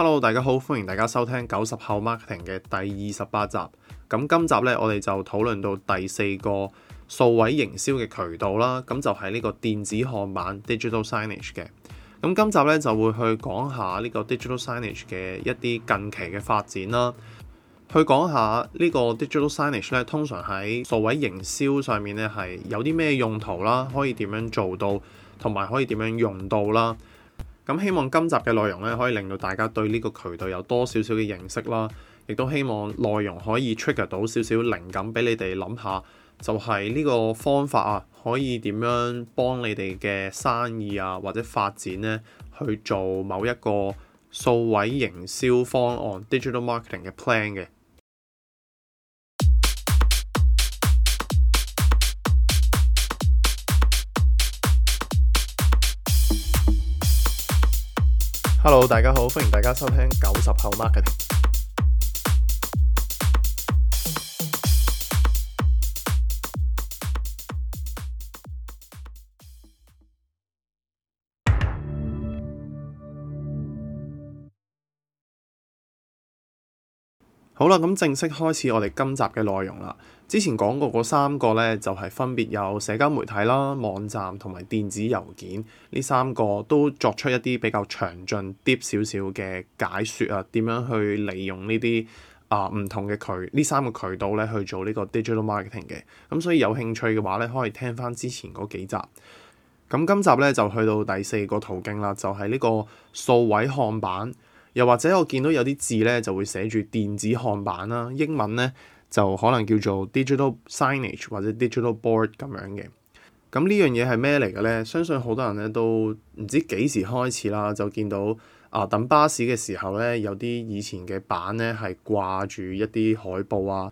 Hello，大家好，歡迎大家收聽九十後 marketing 嘅第二十八集。咁今集呢，我哋就討論到第四個數位營銷嘅渠道啦。咁就係呢個電子看板 （digital signage） 嘅。咁今集呢，就會去講下呢個 digital signage 嘅一啲近期嘅發展啦。去講下呢個 digital signage 呢，通常喺數位營銷上面呢，係有啲咩用途啦，可以點樣做到，同埋可以點樣用到啦。咁希望今集嘅內容咧，可以令到大家對呢個渠道有多少少嘅認識啦，亦都希望內容可以 trigger 到少少靈感俾你哋諗下，就係呢個方法啊，可以點樣幫你哋嘅生意啊，或者發展咧去做某一個數位營銷方案 （digital marketing 嘅 plan） 嘅。Hello，大家好，歡迎大家收聽九十後 Marketing。好啦，咁正式開始我哋今集嘅內容啦。之前講過嗰三個咧，就係分別有社交媒體啦、網站同埋電子郵件呢三個，都作出一啲比較詳盡啲少少嘅解説啊，點樣去利用呢啲啊唔同嘅渠呢三個渠道咧去做呢個 digital marketing 嘅。咁所以有興趣嘅話咧，可以聽翻之前嗰幾集。咁今集咧就去到第四個途徑啦，就係呢個數位看板。又或者我見到有啲字咧就會寫住電子看板啦，英文咧。就可能叫做 digital signage 或者 digital board 咁樣嘅。咁呢樣嘢係咩嚟嘅呢？相信好多人咧都唔知幾時開始啦，就見到啊等巴士嘅時候呢，有啲以前嘅板呢係掛住一啲海報啊。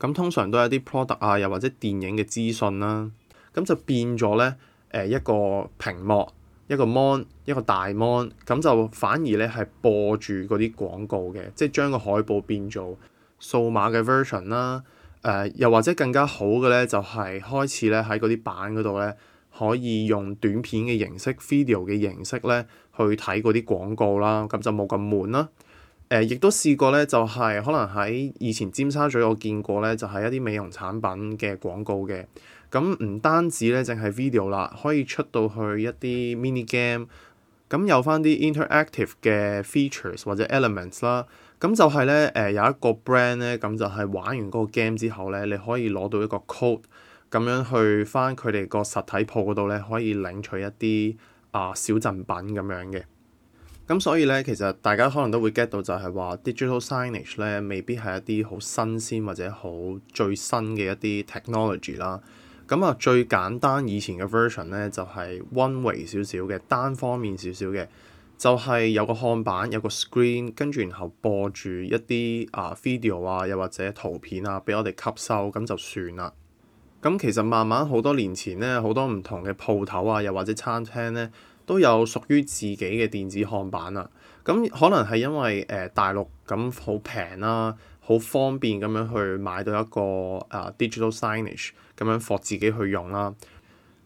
咁通常都係一啲 product 啊，又或者電影嘅資訊啦。咁就變咗呢，誒一個屏幕，一個 mon，一,一個大 mon。咁就反而呢係播住嗰啲廣告嘅，即係將個海報變做數碼嘅 version 啦、呃，誒又或者更加好嘅咧，就係、是、開始咧喺嗰啲板嗰度咧，可以用短片嘅形式、video 嘅形式咧去睇嗰啲廣告啦，咁就冇咁悶啦。誒、呃，亦都試過咧，就係、是、可能喺以前尖沙咀我見過咧，就係、是、一啲美容產品嘅廣告嘅。咁唔單止咧，淨係 video 啦，可以出到去一啲 mini game，咁有返啲 interactive 嘅 features 或者 elements 啦。咁就係咧，誒有一個 brand 咧，咁就係玩完嗰個 game 之後咧，你可以攞到一個 code，咁樣去翻佢哋個實體鋪度咧，可以領取一啲啊小贈品咁樣嘅。咁所以咧，其實大家可能都會 get 到就係話 digital signage 咧，未必係一啲好新鮮或者好最新嘅一啲 technology 啦。咁啊，最簡單以前嘅 version 咧，就係 one way 少少嘅，單方面少少嘅。就係有個看板，有個 screen，跟住然後播住一啲啊 video 啊，又或者圖片啊，俾我哋吸收咁就算啦。咁其實慢慢好多年前咧，好多唔同嘅鋪頭啊，又或者餐廳咧，都有屬於自己嘅電子看板啦。咁可能係因為誒、呃、大陸咁好平啦，好方便咁樣去買到一個啊 digital signage 咁樣放自己去用啦、啊。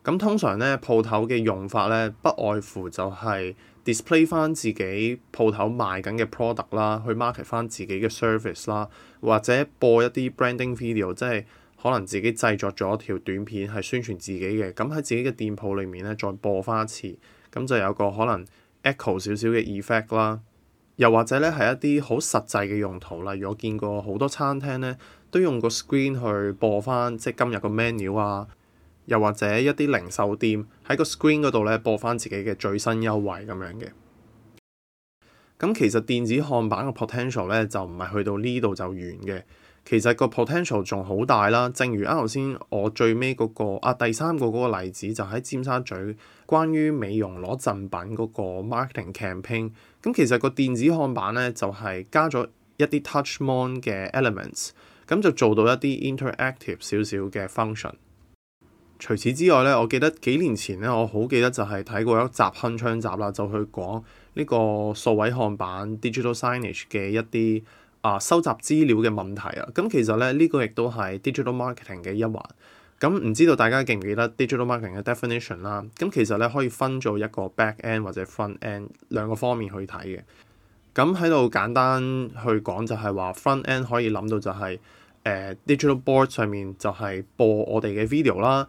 咁通常咧鋪頭嘅用法咧，不外乎就係、是。display 翻自己鋪頭賣緊嘅 product 啦，去 market 翻自己嘅 service 啦，或者播一啲 branding video，即係可能自己製作咗條短片係宣傳自己嘅，咁喺自己嘅店鋪裡面咧再播翻一次，咁就有個可能 echo 少少嘅 effect 啦。又或者咧係一啲好實際嘅用途，例如我見過好多餐廳咧都用個 screen 去播翻，即係今日個 menu 啊。又或者一啲零售店喺個 screen 嗰度咧播翻自己嘅最新優惠咁樣嘅。咁其實電子看板嘅 potential 咧就唔係去到呢度就完嘅，其實個 potential 仲好大啦。正如啱頭先我最尾嗰個啊，第三個嗰個例子就喺尖沙咀關於美容攞贈品嗰個 marketing campaign。咁其實個電子看板咧就係加咗一啲 touch mode 嘅 elements，咁就做到一啲 interactive 少少嘅 function。除此之外咧，我記得幾年前咧，我好記得就係睇過一集鏗鏘集啦，就去講呢個數位看板 （digital signage） 嘅一啲啊收集資料嘅問題啊。咁、嗯、其實咧，呢、呢個亦都係 digital marketing 嘅一環。咁、嗯、唔知道大家記唔記得 digital marketing 嘅 definition 啦？咁、嗯、其實咧可以分做一個 back end 或者 front end 兩個方面去睇嘅。咁喺度簡單去講就係話 front end 可以諗到就係、係、誒、呃、digital board 上面就係播我哋嘅 video 啦。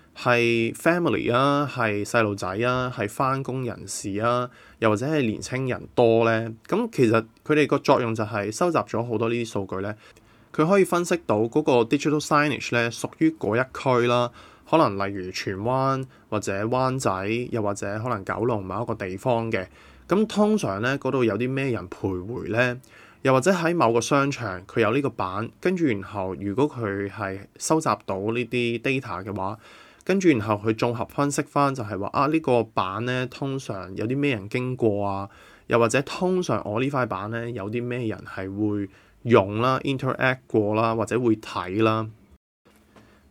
係 family 啊，係細路仔啊，係返工人士啊，又或者係年輕人多咧。咁其實佢哋個作用就係收集咗好多呢啲數據咧。佢可以分析到嗰個 digital signage 咧，屬於嗰一區啦，可能例如荃灣或者灣仔，又或者可能九龍某一個地方嘅。咁通常咧，嗰度有啲咩人徘徊咧？又或者喺某個商場，佢有呢個版。跟住然後如果佢係收集到呢啲 data 嘅話，跟住，然後佢綜合分析翻，就係話啊，呢、這個板咧通常有啲咩人經過啊，又或者通常我塊呢塊板咧有啲咩人係會用啦、interact 過啦，或者會睇啦。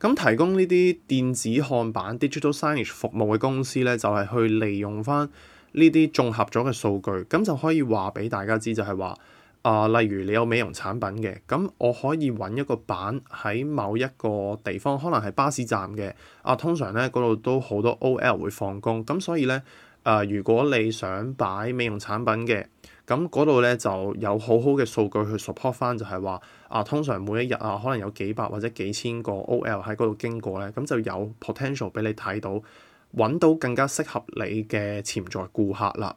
咁提供呢啲電子看板 （digital signage） 服務嘅公司咧，就係、是、去利用翻呢啲綜合咗嘅數據，咁就可以話俾大家知，就係話。啊，例如你有美容產品嘅，咁我可以揾一個板喺某一個地方，可能係巴士站嘅。啊，通常咧嗰度都好多 OL 會放工，咁所以咧，啊如果你想擺美容產品嘅，咁嗰度咧就有好好嘅數據去 support 返，就係話啊，通常每一日啊，可能有幾百或者幾千個 OL 喺嗰度經過咧，咁就有 potential 俾你睇到，揾到更加適合你嘅潛在顧客啦。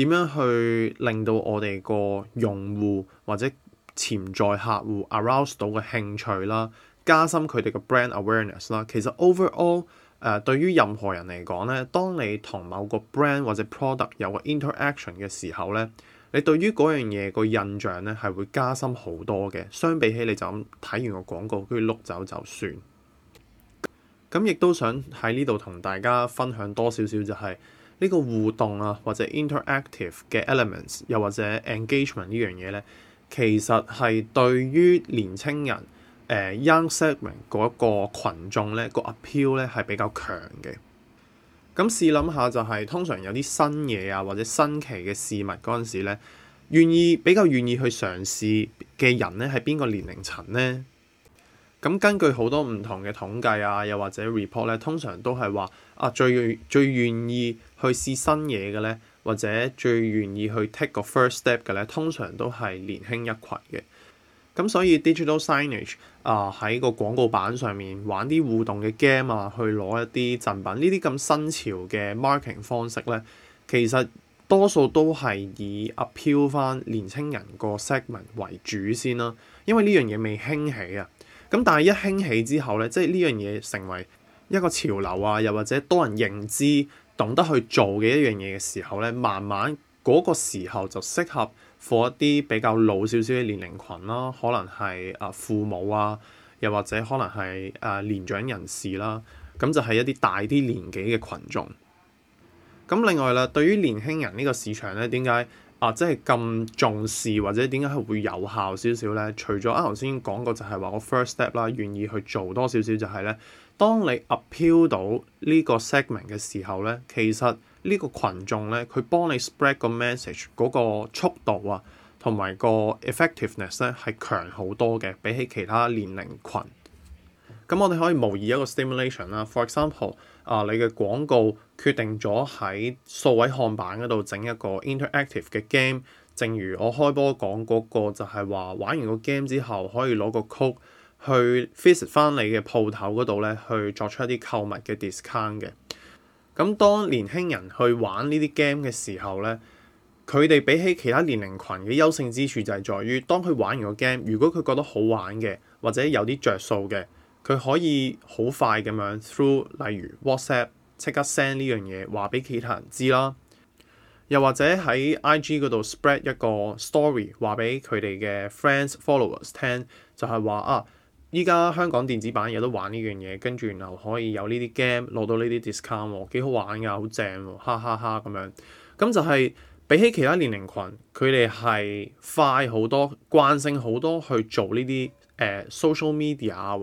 點樣去令到我哋個用戶或者潛在客戶 arouse 到嘅興趣啦，加深佢哋嘅 brand awareness 啦。其實 overall 誒、呃，對於任何人嚟講咧，當你同某個 brand 或者 product 有個 interaction 嘅時候咧，你對於嗰樣嘢個印象咧係會加深好多嘅。相比起你就咁睇完個廣告跟住碌走就算。咁亦都想喺呢度同大家分享多少少就係、是。呢個互動啊，或者 interactive 嘅 elements，又或者 engagement 呢樣嘢咧，其實係對於年青人，誒、uh, young segment 嗰一個羣眾咧，呢個 appeal 咧係比較強嘅。咁試諗下、就係，就係通常有啲新嘢啊，或者新奇嘅事物嗰陣時咧，願意比較願意去嘗試嘅人咧，係邊個年齡層咧？咁根據好多唔同嘅統計啊，又或者 report 咧，通常都係話啊，最最願意去試新嘢嘅咧，或者最願意去 take 個 first step 嘅咧，通常都係年輕一群嘅。咁所以 digital signage 啊，喺個廣告板上面玩啲互動嘅 game 啊，去攞一啲贈品，呢啲咁新潮嘅 marketing 方式咧，其實多數都係以 appeal 翻年輕人個 segment 為主先啦，因為呢樣嘢未興起啊。咁但係一興起之後咧，即係呢樣嘢成為一個潮流啊，又或者多人認知、懂得去做嘅一樣嘢嘅時候咧，慢慢嗰個時候就適合課一啲比較老少少嘅年齡群啦，可能係啊父母啊，又或者可能係啊年長人士啦，咁就係一啲大啲年紀嘅群眾。咁另外啦，對於年輕人呢個市場咧，點解？啊，即係咁重視，或者點解係會有效少少咧？除咗啱頭先講過，就係話我 first step 啦，願意去做多少少，就係咧，當你 appeal 到呢個 segment 嘅時候咧，其實呢個群眾咧，佢幫你 spread 個 message 嗰個速度啊，同埋個 effectiveness 咧，係強好多嘅，比起其他年齡群。咁我哋可以模擬一個 stimulation 啦，for example。啊！你嘅廣告決定咗喺數位看板嗰度整一個 interactive 嘅 game。正如我開波講嗰個，就係話玩完個 game 之後，可以攞個 code 去 visit 翻你嘅鋪頭嗰度咧，去作出一啲購物嘅 discount 嘅。咁當年輕人去玩呢啲 game 嘅時候咧，佢哋比起其他年齡群嘅優勝之處就係在於，當佢玩完個 game，如果佢覺得好玩嘅，或者有啲着數嘅。佢可以好快咁樣 through，例如 WhatsApp 即刻 send 呢樣嘢話俾其他人知啦。又或者喺 IG 嗰度 spread 一個 story 話俾佢哋嘅 friends、followers 聽，就係話啊，依家香港電子版有得玩呢樣嘢，跟住然後可以有呢啲 game 攞到呢啲 discount 幾好玩㗎，好正，哈哈哈咁樣。咁就係比起其他年齡群，佢哋係快好多，慣性好多去做呢啲誒 social media。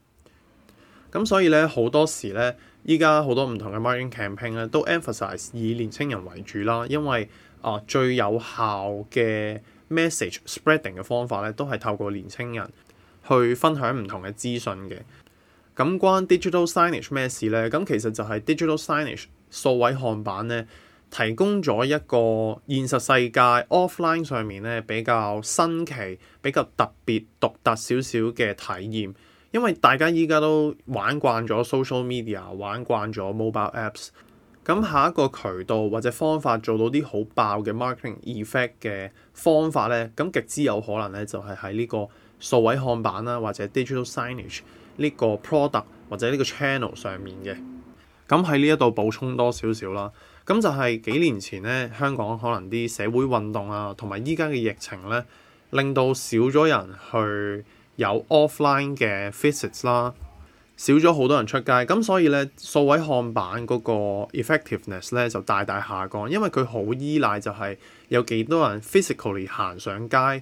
咁所以咧，好多時咧，依家好多唔同嘅 marketing campaign 咧，都 emphasize 以年青人為主啦，因為啊，最有效嘅 message spreading 嘅方法咧，都係透過年青人去分享唔同嘅資訊嘅。咁關 digital signage 咩事咧？咁其實就係 digital signage 數位看板咧，提供咗一個現實世界 offline 上面咧，比較新奇、比較特別、獨特少少嘅體驗。因為大家依家都玩慣咗 social media，玩慣咗 mobile apps，咁下一個渠道或者方法做到啲好爆嘅 marketing effect 嘅方法咧，咁極之有可能咧就係喺呢個數位看板啦，或者 digital signage 呢個 product 或者呢個 channel 上面嘅。咁喺呢一度補充多少少啦。咁就係幾年前咧，香港可能啲社會運動啊，同埋依家嘅疫情咧，令到少咗人去。有 offline 嘅 physics 啦，少咗好多人出街，咁所以咧數位看板嗰個 effectiveness 咧就大大下降，因為佢好依賴就係有幾多人 physically 行上街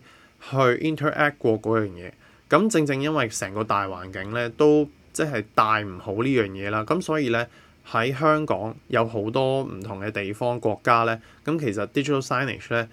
去 interact 過嗰樣嘢，咁正正因為成個大環境咧都即係帶唔好呢樣嘢啦，咁所以咧喺香港有好多唔同嘅地方國家咧，咁其實 digital signage 咧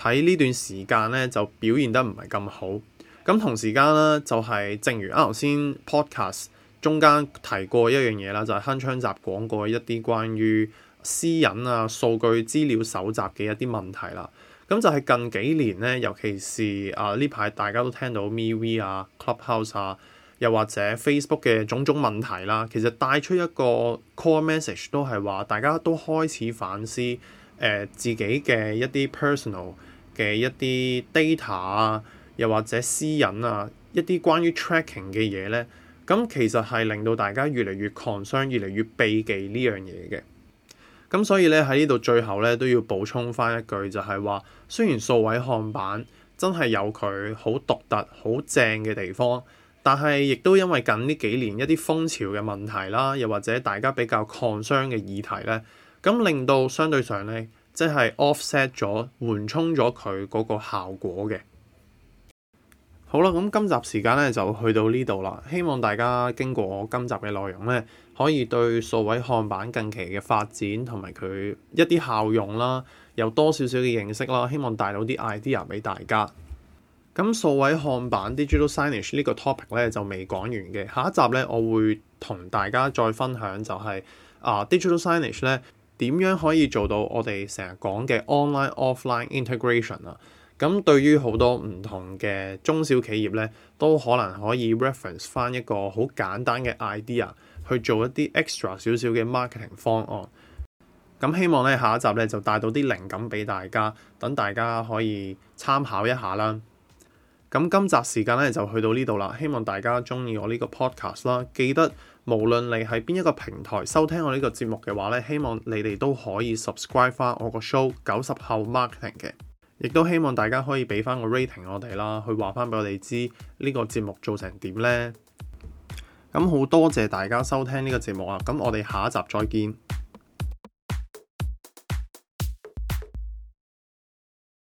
喺呢段時間咧就表現得唔係咁好。咁同時間咧，就係、是、正如啊頭先 podcast 中間提過一樣嘢啦，就係、是《鏗鏘集》講過一啲關於私隱啊、數據資料搜集嘅一啲問題啦。咁就係近幾年咧，尤其是啊呢排大家都聽到 MeWe 啊、Clubhouse 啊，又或者 Facebook 嘅種種問題啦，其實帶出一個 core message 都係話，大家都開始反思誒、呃、自己嘅一啲 personal 嘅一啲 data 啊。又或者私隱啊，一啲關於 tracking 嘅嘢咧，咁其實係令到大家越嚟越抗商，越嚟越避忌呢樣嘢嘅。咁所以咧，喺呢度最後咧都要補充返一句就，就係話雖然數位看板真係有佢好獨特、好正嘅地方，但係亦都因為近呢幾年一啲風潮嘅問題啦，又或者大家比較抗商嘅議題咧，咁令到相對上咧即係、就是、offset 咗、緩衝咗佢嗰個效果嘅。好啦，咁今集時間咧就去到呢度啦。希望大家經過我今集嘅內容咧，可以對數位看板近期嘅發展同埋佢一啲效用啦，有多少少嘅認識啦。希望帶到啲 idea 俾大家。咁數位看板 digital signage 呢個 topic 咧就未講完嘅，下一集咧我會同大家再分享、就是，就係啊 digital signage 咧點樣可以做到我哋成日講嘅 online offline integration 啊。咁對於好多唔同嘅中小企業咧，都可能可以 reference 翻一個好簡單嘅 idea 去做一啲 extra 少少嘅 marketing 方案。咁希望咧下一集咧就帶到啲靈感俾大家，等大家可以參考一下啦。咁今集時間咧就去到呢度啦。希望大家中意我呢個 podcast 啦。記得無論你喺邊一個平台收聽我呢個節目嘅話咧，希望你哋都可以 subscribe 翻我個 show 九十後 marketing 嘅。亦都希望大家可以畀返個 rating 我哋啦，去話返畀我哋知呢個節目做成點呢。咁好多謝大家收聽呢個節目啊！咁我哋下一集再見。